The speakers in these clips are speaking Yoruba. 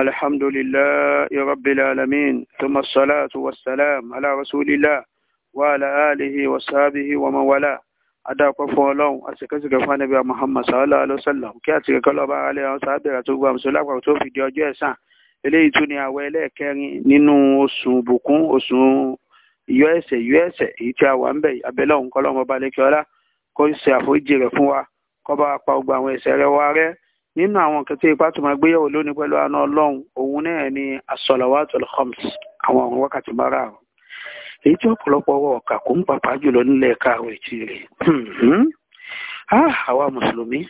الحمد لله رب العالمين ثم الصلاة والسلام على رسول الله وعلى آله وصحبه ومن والاه adáàpọ̀ fún ọlọ́run àṣekẹ́sìkẹ́ fún anábíà muhammad sallallahu alaihi wasallam kí àṣekẹ́kọ́ lọ́ba alẹ́ àwọn sábẹ̀rẹ̀ tó gbà mùsùlùmí lápapọ̀ tó fìdí ọjọ́ ẹ̀san eléyìí tún ni àwẹ̀ ẹlẹ́ẹ̀kẹrin nínú oṣù bùkún oṣù yọ ẹ̀ṣẹ̀ yọ ẹ̀ṣẹ̀ èyí tí a wà ń bẹ̀ abẹ́lẹ̀ ọ̀hún kọ́lọ́mọba lẹ́kẹ́ ọlá kó ṣe àforíjì rẹ̀ fún wa kó bá pa gbogbo àwọn ẹ̀ṣẹ̀ rẹ̀ wá rẹ́ nínú àwọn nǹkan tí ipá tó máa gbéyàwó lónìí pẹ̀lú àna ọlọ́run òun náà ni as-salawatul khams àwọn àwọn wákàtí mara àwọn èyí tí ọ̀pọ̀lọpọ̀ wọ ọ̀kà kò ń pàpà jùlọ nílẹ̀ káàrọ̀ ètí rẹ̀ hmm. ah, àwa mùsùlùmí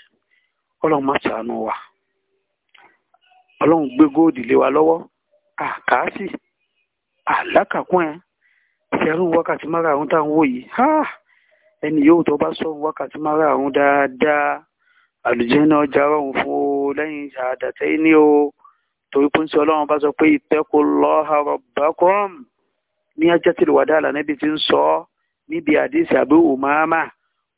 ọlọ́run má ṣàánú wa ọlọ́run gbé góòdì lé wa lọ́wọ́ àkáàsì àlákàkún ẹ̀ ṣẹ́rùn wákàtí mara táwọn wò yìí ẹni yóò tó bá sọ wákàtí mara dáadáa àlùjẹ́nà ọjà rọrùn fún o lẹ́yìn àdàtẹ́ ní o torí pé ń sọ ọlọ́run bá sọ pé ittaqullaha rabbakum ní hajjatil wada' lànàbí ti ń sọ ọ́ níbi àdìsí àbí umama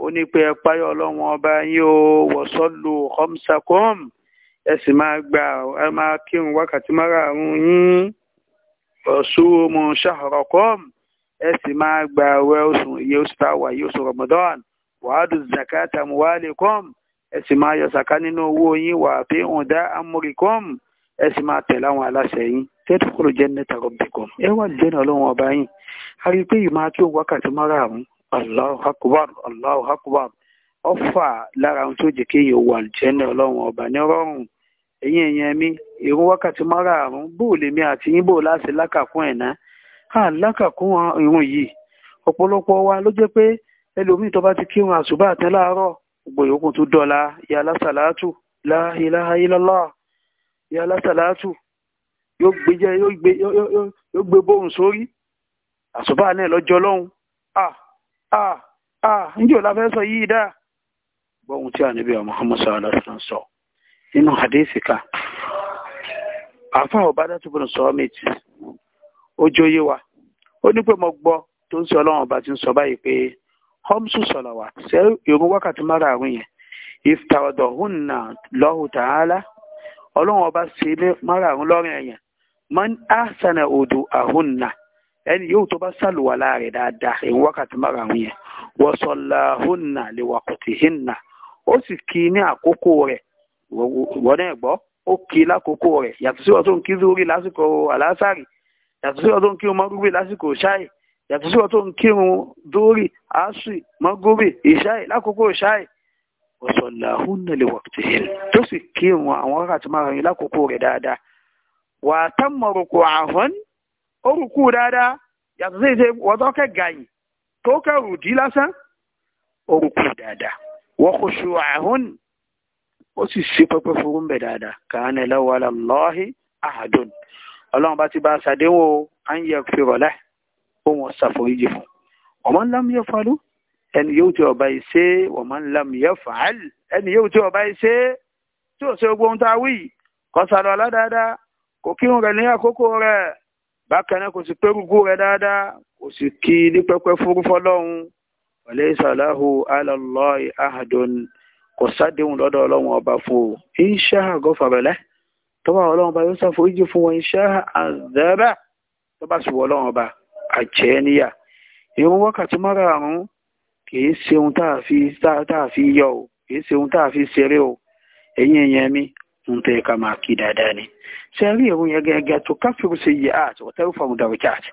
ó ní pé ẹ páyọ ọlọ́run ọba yín o wasallu khamsakum ẹ sì máa gba ẹ máa kírun wákàtí márààrún yín wasumu shahrakum ẹ sì máa gba àwẹ̀ oṣù iye oṣù táwà yìí oṣù Ramadan wa'adu zakata ẹ sì máa yọ sàká nínú owó yín wà pé òun dá amúrikọ́m ẹ sì máa tẹ̀lé àwọn aláṣẹ yín tẹ́tùkúrò jẹ́ nẹ́ta rọ̀bìkọ́m ẹ wà jẹ́nà ọlọ́run ọba yín a rí i pé ìmọ̀ akí òun wákàtí mọ́ra àrùn Allahu akbar Allahu akbar ọ̀fà lára ohun tó jẹ́ kéèyàn wà jẹ́nà ọlọ́run ọba ní rọrùn ẹ̀yìn ẹ̀yìn mi ìrún wákàtí mọ́ra àrùn bóò gbogbo yòókù tó dọ́la ya lásàlátù la ilaha illallah ya lásàlátù yóò gbé bóhùn sórí àsùbá náà lọ́jọ́ lọ́hùn ah ah ah níjẹ́ ò láfẹ́ sọ yìí dáa bọ́hùn tí a níbi àwọn Muhammad sallallahu alaihi wasallam sọ nínú hadith ká àfáà ọba dátúbù ní sọ́ọ́mẹ̀tì ó jóyé wa ó ní pé mo gbọ́ tó ń sọ ọlọ́run ọba ti ń sọ báyìí pé homsu sọlọwà ṣe ìrun wákàtí márààrún yẹn ìfitàwọdọhúnà lọhùn tààlà Ọlọ́run ọba ṣe márààrún lọrùn ẹyàn man ahsana odò ahunna ẹni yóò tó bá sàlùwàlá rẹ̀ dáadáa ìrun wákàtí márààrún yẹn wọsọlàhúnà lèwàkùtìhìnà ó sì kí ní àkókò rẹ̀ wọ́n náà gbọ́ ó kí lákòókò rẹ̀ yàtọ̀ sí ọdún kí zúrí lásìkò àlásàrì yàtọ̀ sí ọdún kí ọmọ rúbí lásìkò ṣáì yàtọ̀ sí wọn tó ń kírun dórí asui mọ́góbì ìṣáì lákòókò ìṣáì ọ̀sọ̀làhún náà lè wọ̀tí tó sì kírun àwọn wákàtí márùn yìí lákòókò rẹ̀ dáadáa wà á tán mọ̀rùkù àhọ́n ó rùkú dáadáa yàtọ̀ sí ìṣe wọ́tọ́ kẹ́ gàyìn tó kẹ́rù dí lásán ó rùkú dáadáa wọ́n kò ṣù àhọ́n ó sì ṣe pẹ́pẹ́ fúrú mbẹ̀ dáadáa kàánà lọ́wọ́ alá àhàdùn ọlọ́run bá ti bá ṣàdéhùn à ń yẹ fìrọ̀lẹ́ ó wọn ṣàforíjì fún wa man lam yafalu ẹni yóò tí ọba yìí ṣe wa man lam yafal ẹni yóò tí ọba yìí ṣe tí ò ṣe gbogbo ohun tá a wí kó ṣàlùwàlá dáadáa kò kírun rẹ̀ ní àkókò rẹ̀ bákan náà kò sì pérùgù rẹ̀ dáadáa kò sì kí ní pẹpẹ fúrúfọ lọ́hùn wa laysa lahu ala Allahi kò sádéhùn lọ́dọ̀ ọlọ́run ọba fún o insha gọ́fàbẹ̀lẹ́ tọ́wọ́ ọlọ́run ọba yóò ṣàforíjì fún wọn insha àzẹ́bẹ̀ tọ́ba sì wọ ọlọ́run ọba àjẹ́ níyà ìrun wákàtí márààrún kìí ṣe ohun tá a fi yọ o kìí ṣe ohun tá a fi ṣeré o ẹ̀yin èèyàn mi ń tẹ́ ká máa kí dáadáa ni ṣe rí ìrun yẹn gẹ́gẹ́ tó káfíru ṣe yẹ art wọ́tẹ́rù fọ̀mù dàrúkẹ́ art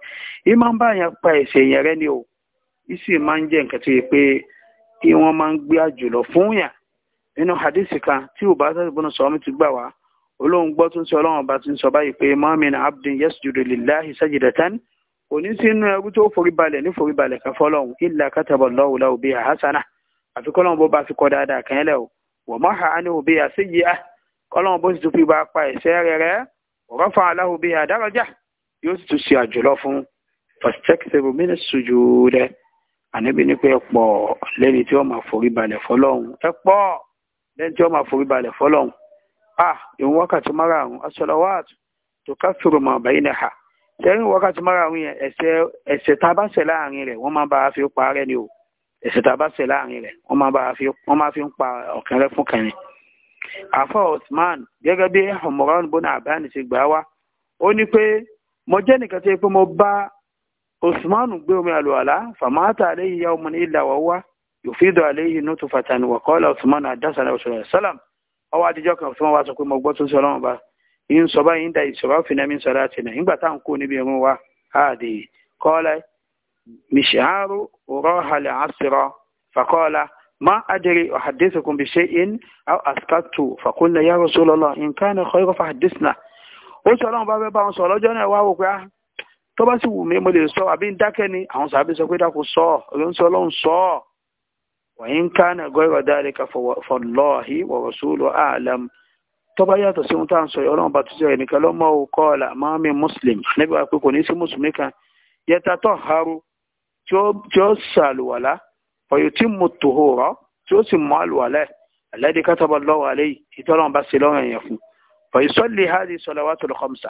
ìmọ̀ ń bá yẹn pa ẹ̀ṣẹ̀ yẹn rẹ́ ni o ìsì máa ń jẹ́ nǹkan tó yẹ pé kí wọ́n máa ń gbé àjùlọ fún yàn nínú hadisi kan tí ò bá sẹ́sẹ̀ bọ́nà sọ́ọ́mù ti gbà wá olóhùn gbọ́ tó ń sọ ọlọ́run ọba ti ń sọ báyìí pé mọ́mìn abdin yasjudu lillahi sajidatan kò ní sínú ẹrú tó foríbalẹ̀ ní foríbalẹ̀ kan fọlọ́hún ilà kátàbọ̀ lọ́wọ́ lọ́wọ́ bíi àhásánà àfi kọ́lọ́hún bó bá fi kọ́ dáadáa kàn án lẹ̀ o wọ́n má ha ánìhù bíi àṣeyìí á kọ́lọ́hún bó sì tún fi bá pa ẹ̀ṣẹ̀ rẹ̀ rẹ́ ọ̀rọ̀ fa aláhù bíi àdárọ́jà yóò sì tún ṣe àjùlọ fún fọ́sítẹ́kìtẹ́rù mí ànábì ní pé ẹ̀pọ̀ lẹ́ni lẹ́yìn wákàtí mara ún yẹn ẹ̀ṣẹ̀ ẹ̀ṣẹ̀ tá a bá ṣẹ̀ láàrin rẹ̀ wọ́n máa bá a fi parẹ́ ni o ẹ̀ṣẹ̀ tá a bá ṣẹ̀ láàrin rẹ̀ wọ́n máa bá a fi wọ́n máa fi ń pa ọ̀kan rẹ̀ fún kẹrin. àfọ Usman gẹ́gẹ́ bí ọmọràn bọ́nà àbáyánì ṣe gbà wá ó ní pé mo jẹ́ nìkan tó yẹ pé mo bá Usman gbé omi àlùwàlá fàmáàtà àléyìí yá ọmọ ní ìlà wà wá yòfídọ̀ àléyìí inú tó fàtàní wà kọ́lá Usman àdásánà ọ̀sọ̀rọ̀ ìsọba yìí ń da ìsọba fìnnà mi sọ̀rọ̀ àti nà nígbà tá à ń kó níbi ìrún wa àdè kọ́lá mìṣàárù rọ́hàlẹ̀ àṣírọ́ fàkọ́lá má adèrè ọ̀hàdẹ́sẹ̀kùn bí ṣe in àṣkàtù fàkúnlẹ̀ yà Rasulullah nǹkan ẹ̀kọ́ ìkọ́ fàdísìnà ó sọ ọlọ́run bá fẹ́ bá wọn sọ lọ́jọ́ náà wá wò pé ah, tó bá sì wù mí mo lè sọ àbí ń dákẹ́ ni àwọn sàbí sọ pé dákò sọ ọ̀rẹ́ ń sọ ọlọ́run sọ ọ̀ wọ̀nyí nǹkan ẹ̀kọ́ ìrọ̀dá rẹ̀ kà fọlọ́ọ̀hí wa rasuluhu a'lam tọ́ba yàtọ̀ sí ohun tá à ń sọ yìí ọlọ́run bá tó jẹ́ ẹnìkan lọ́mọ òkọ́ ọ̀la mọ́mí muslim níbi wàá pé kò ní sí mùsùlùmí kan yẹta tó haru tí ó sàlùwàlá ọ̀yọ̀ tí mo tò hó rọ́ tí ó sì mọ́ àlùwàlá alẹ́dí kátàbọ̀ lọ́wọ́ alẹ́ yìí ìtọ́lọ́run bá ṣe lọ́rùn ẹ̀yẹ̀ fún ọ̀yọ̀ sọ́lì hadi salawatul khamsa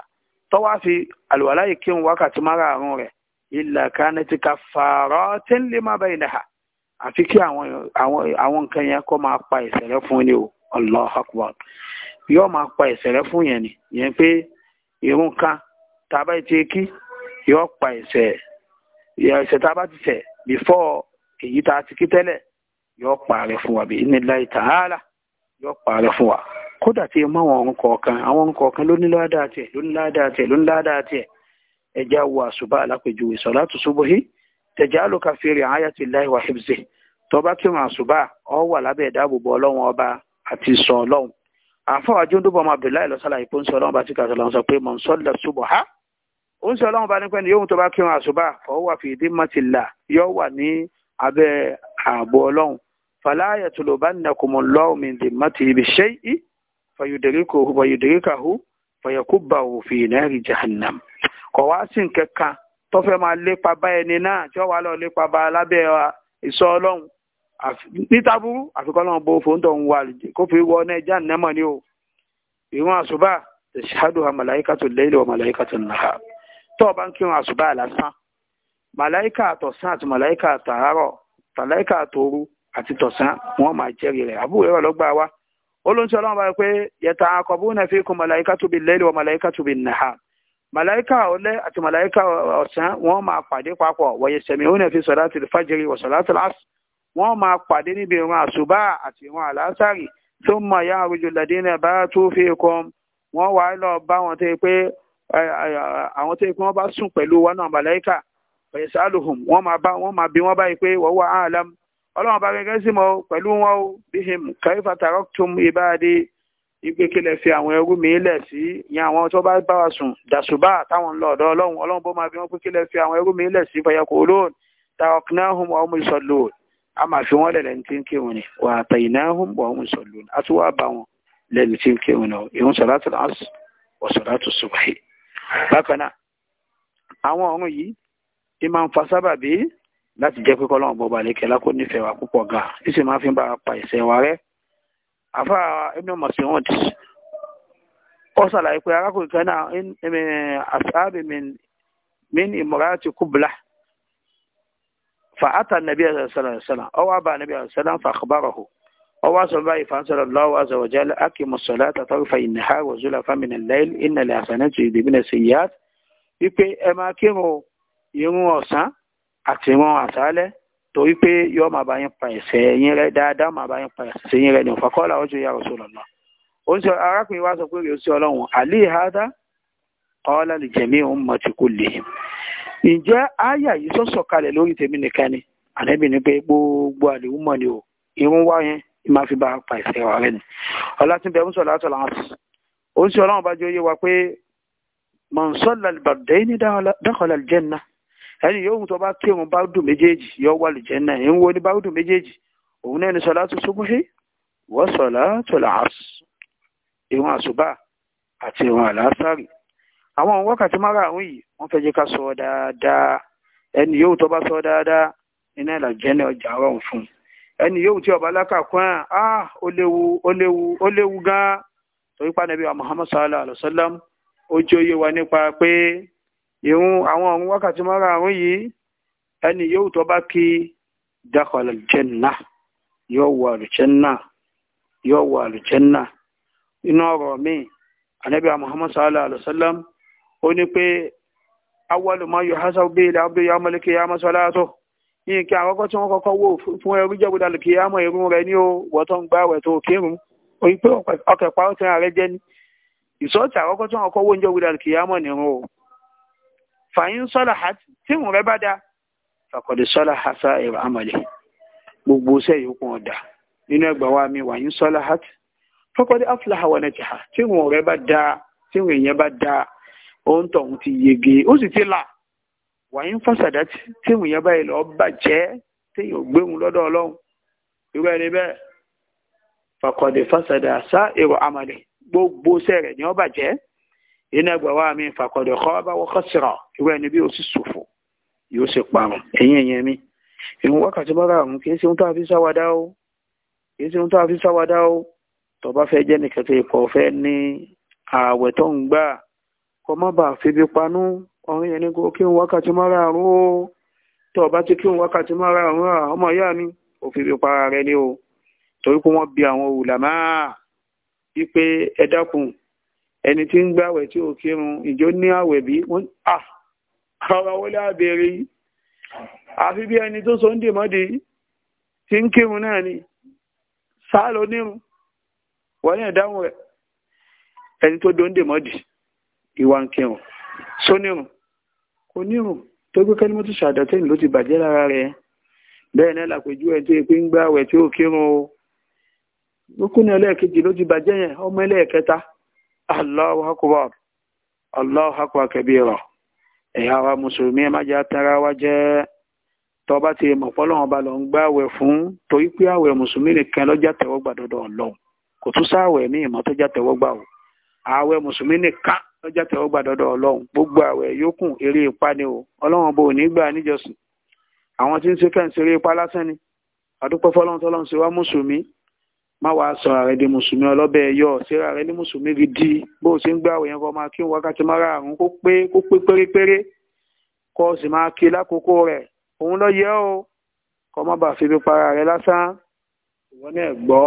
tọ́wá fi àlùwàlá yìí kí n yóò máa pa ẹ̀ṣẹ̀ rẹ fún yẹn ni yẹn pé irun kan tá a bá ti kí yóò pa ẹ̀ṣẹ̀ ẹ̀ṣẹ̀ tá a bá ti ṣẹ̀ bífọ́ èyí tá a ti kí tẹ́lẹ̀ yóò pa rẹ fún wa bíi ní láì tààlà yóò pa rẹ fún wa kódà tí ẹ mọ àwọn ọ̀run kọ̀ọ̀kan àwọn ọ̀run kọ̀ọ̀kan ló ní ládàá tiẹ̀ ló ní ládàá wo àṣùbà alápèjúwe sọ̀rọ̀ àtúnṣubọ̀hí tẹ̀jà ló ka fèrè àyàtì láì wà ṣèbṣe tọba kírun àṣùbà ọ wà lábẹ́ ìdáàbòbò ọlọ́run ọba àti sọ ọlọ́run àfọwà jundub ọmọ abdullahi lọsàlàyé pé ń sọ ọlọ́run bá ti kàṣọ lọ́n sọ pé mọ̀ ń sọ lọ ṣubọ̀ ha ó ń sọ ọlọ́run bá ní pẹ́ni yóò tó bá kírun àṣùbà fọwọ́ wà fi ìdí mọ́tìlá yóò wà ní abẹ́ ààbò ọlọ́run fàlàyé tó ló bá nà kò mọ̀ lọ́wọ́ mi dì mọ́tì ibi ṣe í fàyòdèríkàhù fàyàkùbà òfin bá ẹni náà nítàbúrú àfikọ́nà bó fóńtọ̀ ń wà kó fi wọ ọ́nà ẹja nẹ́mọ̀ ni o ìwọ̀n àṣùbà tẹ̀síhádùn ha màláìka tó lẹ́yìn wọ màláìka tó nàá tó o bá ń kírun àṣùbà lásán màláìka àtọ̀sán àti màláìka àtàárọ̀ màláìka àtòru àti tọ̀sán wọn máa jẹ́rìí rẹ̀ àbúrò ẹ̀rọ lọ́gbà wa olóńtí ọlọ́run bá rí pé yẹta akọ̀bù náà fi kún màláìka tó bi lẹ́yìn wọ màláìka tó bi nàá màláìka ọ̀lẹ́ àti màláìka ọ̀sán wọn máa pàdé papọ̀ wọ̀nyẹ̀sẹ̀mí ó náà fi sọ̀rọ̀ àti fàjẹrì wọ̀ sọ̀rọ̀ àti lásán wọ́n máa pàdé níbi ìran àṣùbà àti ìran àlásàrì tó mọ̀ ya àrùjọ lẹ́dínlẹ̀ bá tó fi kan wọ́n wá lọ bá wọn tó pé àwọn tó pé wọ́n bá sùn pẹ̀lú wọn náà màláìkà pẹ̀sàlùhùn wọ́n máa bá wọ́n máa bí wọ́n báyìí pé wọ́n wà áàlám ọlọ́run bá gẹ́gẹ́ sí mọ́ pẹ̀lú wọn ó bíhìm kaifa taraktum ibadi ìgbékelẹ̀ fi àwọn ẹrú mi lẹ̀ sí ìyẹn àwọn tó bá bá wa sùn dàṣùbà táwọn ń lọ ọ̀dọ̀ ọlọ́run ọlọ́run bó máa bí wọ́n pé kílẹ̀ fi àwọn ẹrú mi lẹ̀ sí fayakùlùn taraknahum wa hum yusallun a máa fi wọ́n lẹ̀lẹ̀ tí ń kírun ni wà àtàyìnáhùn wà ń sọ lónìí a tún wá bá wọn lẹ́ni tí ń kírun náà ìhun sọ̀látù asr wà sọ̀látù subhi bákan náà àwọn ọ̀run yìí ti máa ń fa sábàbí láti jẹ́ pé kọ́lọ́run bọ́ba lẹ́kẹ́ lákó nífẹ̀ẹ́ wa púpọ̀ gan ní sì máa fi pa ìṣẹ́ wa rẹ́ àfa Ibn Mas'ud ó ṣàlàyé pé arákùnrin kan náà asábì min imra'ati qublah فأتى النبي صلى الله عليه وسلم أو أبى النبي صلى الله عليه وسلم فأخبره أو أصبعي فأنزل الله عز وجل أقم الصلاة طرفي النهار وزلفا من الليل إن الحسنات يذهبن السيئات wípé ẹ máa kírun irun ọ̀sán àti irun àṣálẹ́ torí pé yóò máa bá yín pa ẹ̀ṣẹ̀ yín rẹ́ dáadáa máa bá yín pa ẹ̀ṣẹ̀ yín rẹ́ ní òfàkọ́lá ọjọ́ ya Rasulullah ó ń sọ arákùnrin wa sọ pé rèé sí ọlọ́run àlè ìhádá ọ̀ọ́lá lè jẹ̀mí òun mọ̀ ti kú lè ǹjẹ́ àyà yìí sọ̀sọ̀ kalẹ̀ lórí tèmi nìkan ni ànábì ni pé gbogbo àlèwú mọ̀ ni o irun wá yẹn ni máa fi bá pa ìṣe wa rẹ ni ọlátúndé ń sọ̀rọ̀ àtọ̀ làwọn sùn ó ń sọ ọlọ́run bá jẹ́ oyé wa pé mọ̀nsọ́lá bàdé ní dákọ̀lá jẹ́nà ẹni yóò tó bá kírun bá dùn méjèèjì yóò wà lè jẹ́nà ẹ̀ wo ní bá dùn méjèèjì òun náà ni sọ̀lá tó súnmọ́ṣe wọ́n sọ̀lá tó làásù ìrun àṣùbà àti ìrun àlásàrì àwọn wákàtí márààrún yìí wọ́n fẹ́ jẹ́ ká sọ dáadáa ẹni yóò tó bá sọ dáadáa iná ìlàjẹ́ ní ọjà ọ̀rọ̀ fún ẹni yóò tí ọba lákàkún à ah, ó léwu ó léwu ó léwu gan torí pa nàbí Muhammad sallallahu alayhi wa sallam ó jẹ́ òye wa nípa pé ìrun àwọn ọ̀run wákàtí márààrún yìí ẹni yóò tó bá kí dakhala al-jannah yóò wọ al-jannah yóò wọ al-jannah inú ọ̀rọ̀ mi ànábì Muhammad sallallahu alayhi wa sallam ó ní pé awọ́lùmọ́ yóò hásá bí ilẹ̀ yà mọ́lẹ̀ kí yà mọ́ sọ láàtọ̀ yìí kí àkọ́kọ́ tí wọ́n kọ́kọ́ wò fún ẹrú irun ní o wọ́tọ́ ń gbá rẹ̀ tó kírun orí pé ọkẹ̀ pa ọ̀tẹ̀ rẹ̀ jẹ́ ní ìsọ́ọ̀tì àkọ́kọ́ tí wọ́n kọ́kọ́ wò ń yà nìrun o fàyín sọ́là tí ìrun rẹ̀ bá da fàkọ̀dé sọ́là hásá ìrọ̀ gbogbo iṣẹ́ ọ̀dà nínú wa mi wàyín sọ́là fàkọ̀dé tí òun tọ̀hún ti yege ó sì ti là wàyí ń fàṣàdá téèyàn yẹn báyìí lọ́ọ́ bàjẹ́ téèyàn gbéhùn lọ́dọ̀ ọlọ́run irú ẹni bẹ́ẹ̀ fàkọ̀dé fàṣàdá sá èrò àmàlẹ̀ gbogbo sẹ́rẹ̀ ni ó bàjẹ́ iná ẹgbẹ́ wa mi fàkọ̀dé kọ́ bá wọ́kọ̀ sírà irú ẹni bí ó sì ṣòfò yóò sì parun ẹ̀yìn ẹ̀yìn mi ìhun wákàtí mọ́ra àrùn kì í ṣe ohun tó a fi sáwádá o kì í ṣe ohun tó a fi sáwádá o tó kọmọba fìbí panú ọ̀rìn ẹni kó kí n wákàtí mara àrùn ó tó ọba ti kí n wákàtí mara àrùn à ọmọ ìyá mi ò fìbí para rẹ ni o torí pé wọ́n bi àwọn ulama wípé ẹ dákun ẹni tí ń gbàwẹ̀ tí ò kírun ìjọ ní àwẹ̀ bí wọ́n à ọ̀rọ̀ wọlé àbẹ̀rẹ̀ yìí àfi bí ẹni tó so ń dè tí ń kírun náà ni sáà lọ nírun wọ́n yẹn dáhùn rẹ̀ ẹni tó do ń ìwà ń kírun sónírun kò nírun tó gbé kẹ́ni mo ti ṣàdọ̀tẹ́yìn ti bàjẹ́ lára rẹ̀ bẹ́ẹ̀ náà làpèjú ẹ̀ tó yẹ pé gbá àwẹ̀ tí ó kírun o lókùnrin ẹlẹ́ẹ̀kejì ló ti bàjẹ́ yẹn ọmọ ẹlẹ́ẹ̀kẹta ẹ̀yà wa mùsùlùmí ẹ má jẹ́ atara wa jẹ́ tọba ti mọ̀ ba lọ ń gbá fún torí pé àwẹ̀ mùsùlùmí nìkan lọ́jà kò tún lọ́jà tẹ̀wọ́ gbà dọ́dọ̀ ọlọ́run gbogbo àwẹ̀ yòókù eré ipá ni o ọlọ́run bò ní gbà níjọsìn àwọn tí ń ṣe fẹ́ǹsì eré ipá lásán ni àdúpẹ́ fọlọ́run tọ́lọ́run ṣe wá mùsùlùmí má wàá sọ ààrẹ di mùsùlùmí ọlọ́bẹ̀ ẹ̀yọ síra rẹ ní mùsùlùmí gidi bó o ṣe ń gbà àwẹ̀ yẹn kọ́ máa kí wákàtí márààrún kó pé kó pé pérépéré kó o sì máa kí lákòókò rẹ̀ òun ló yẹ o kó má bàa fi bí para rẹ lásán ìwọ náà gbọ́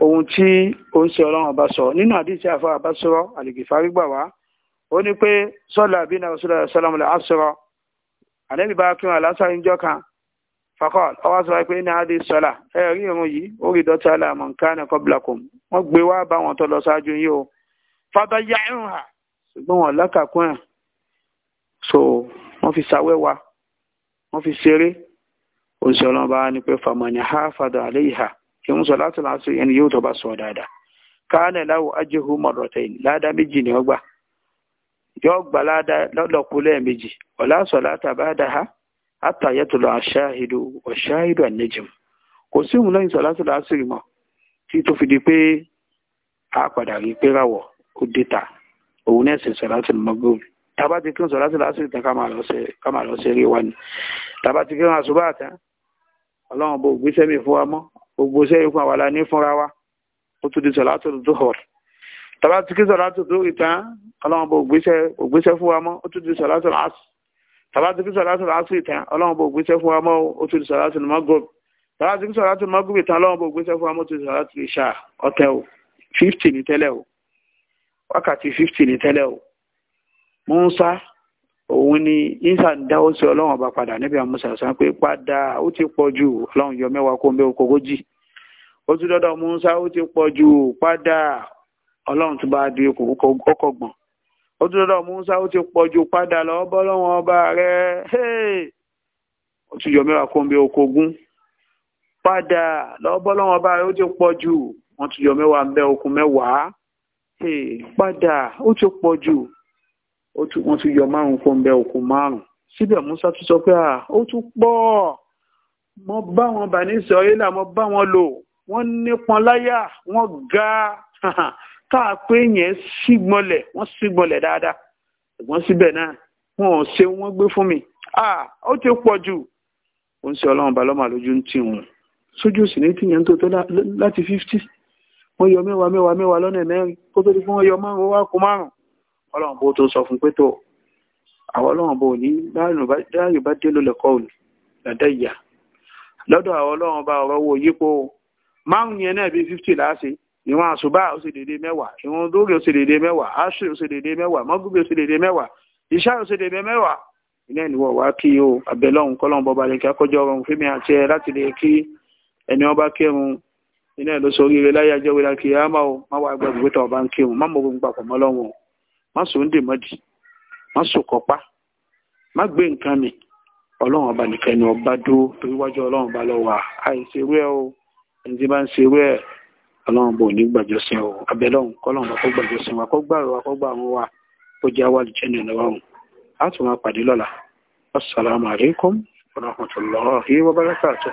ohun tí ó ń ṣe ọlọ́run ọba sọ nínú àdìsí àfa àbásọrọ àlìgìfárí gbà wá ó ní pé sọlá àbínà ọsọlá ṣọlámù lè àṣọrọ ànẹ́bí bá kírun àlásàrí ń jọkan fakọl ọwọ́ sọ pé ní adé sọlá ẹ rí irun yìí ó rí dọ́tí aláàmọ̀ nǹkan ẹ̀kọ́ bìlàkùn wọ́n gbé wá bá wọn tó lọ ṣáájú yìí o fàtà ya irun hà ṣùgbọ́n wọn lákàkún ẹ̀ so wọ́n fi ṣàwẹ́wà wọ́n fi ṣeré òṣèlú ọba ni pé fàmọ́ni ha fàdà àléyìí hà kí n sọ láti láti ẹni yóò tó bá sọ dáadáa káàlẹ̀ láwọ ajéhu mọ̀rọ̀tẹ̀ ládá méjì ni ó gbà yóò gbà ládá lọ́lọ́kú lẹ́ẹ̀mejì ọ̀lá sọ láti ha àtàyẹ̀tò àṣáhìdù ọ̀ṣáhìdù ànẹ́jìm kò sí òun lẹ́yìn sọ láti láti rí mọ́ tí tó fi di pé a padà rí pé ráwọ̀ ó dé ta òun náà sì sọ láti mọ́gbó tábà ti kí n sọ láti láti tán ká máa lọ sí rí wa ni tábà ti kí n àṣùbà tán ọlọ́run bò gbéṣẹ́ mi fún wa mọ́ gbogbo iṣẹ́ ikú àwàlá ní fúnra wa ó tún di sọ̀lá tó tó họ̀ tàbá tí kí sọ̀lá tó tó ìtàn ọlọ́run bò gbéṣẹ́ fún wa mọ́ ó tún di sọ̀lá tó lásù tàbá tí kí sọ̀lá tó lásù ìtàn ọlọ́run bò gbéṣẹ́ fún wa mọ́ ó tún di sọ̀lá tó mọ́gòb tàbá tí kí sọ̀lá tó mọ́gòb ìtàn ọlọ́run bò fún wa mọ́ ó tún di sọ̀lá tó ìṣà òun ni isa ń dáwọ́ sí ọlọ́run ọba padà níbi àmúṣà sàn pé padà ó ti pọ̀ ju ọlọ́run yọ mẹ́wàá kó ń bẹ́ okòógójì ó ti dọ́dọ̀ Musa ó ti pọ̀ jù padà ọlọ́run tó bá di ọkọ̀gbọ̀n ó ti dọ́dọ̀ Musa ó ti pọ̀ jù padà lọ́wọ́ bọ́lọ́wọ́n ọba rẹ̀ ó ti yọ mẹ́wàá kóńbé okogún padà lọ́wọ́ bọ́lọ́wọ́n ọba rẹ̀ ó ti pọ̀ jù wọ́n ti yọ mẹ́wàá ń bẹ́ okùn mẹ́wàá padà ó ti pọ̀ jù wọ́n ti yọ márùn kóńbé okùn márùn síbẹ̀ Musa tún sọ pé ó tún pọ̀ mo bá wọn bà ní sọ ilé àmọ́ bá wọn lò wọ́n nípọn láyà wọ́n ga tá a pé yẹn sígbọ́nlẹ̀ wọ́n sígbọ́nlẹ̀ dáadáa ẹ̀gbọ́n síbẹ̀ náà wọn ò ṣe wọ́n gbé fún mi ó ti pọ̀ jù ó ń ṣe ọlọ́run balọ́mà lójú ń tì wọ́n sójú sì ní tìyẹn tó tó láti fífítì wọ́n yọ mẹ́wàá mẹ́wàá mẹ́wàá lọ́nà mẹ́rin kó tó di fún wọ́n yọ márùn wá kó márùn ọlọ́run bó tó sọ fún pé tó àwọn ọlọ́run bó ní dáàyò bá dé lólẹ̀kọ́ òní lọ́dọ̀ àwọn ọlọ́run bá ọ̀rọ̀ yípo márùn yẹn náà bíi fifty láàṣẹ ìwọn àṣùbà ó ṣe déédéé mẹ́wàá ìwọn dóògì ó ṣe déédéé mẹ́wàá àṣì ó ṣe déédéé mẹ́wàá mọgùbì ó ṣe déédéé mẹ́wàá ìṣá ó ṣe déédéé mẹ́wàá ilé ìníwọ wá kí o àbẹlọhùn kọlọhùn bọba lè kí akọjọ ọrùn fún mi àti ẹ láti lè kí ẹni ọba kírun iná ẹ ló sọ oríire láyé ajẹ wíra kí á máa má wàá gba tó ọba ń kírun má mọ gbogbo àpọ̀ mọ́ má sọ dè mọ́dì má sọ kọ́pá má gbé nǹkan mi ọlọ́run ọba nìkan ni ọba dúró torí wájú ọlọ́run ọba lọ wà àìṣerú ẹni tí bá ń ṣe wẹ́ẹ̀ ọlọ́run bò ní gbàjọsìn o abẹ́lọ́hùn kọ́lọ́run kó gbàjọsìn wa kó gbàrọ̀ wa kó gbà wọn wa kó jẹ́ wà lè jẹ́nu ìlọ́wọ́hùn a tún máa pàdé lọ́la assalamu alaikum wa rahmatullahi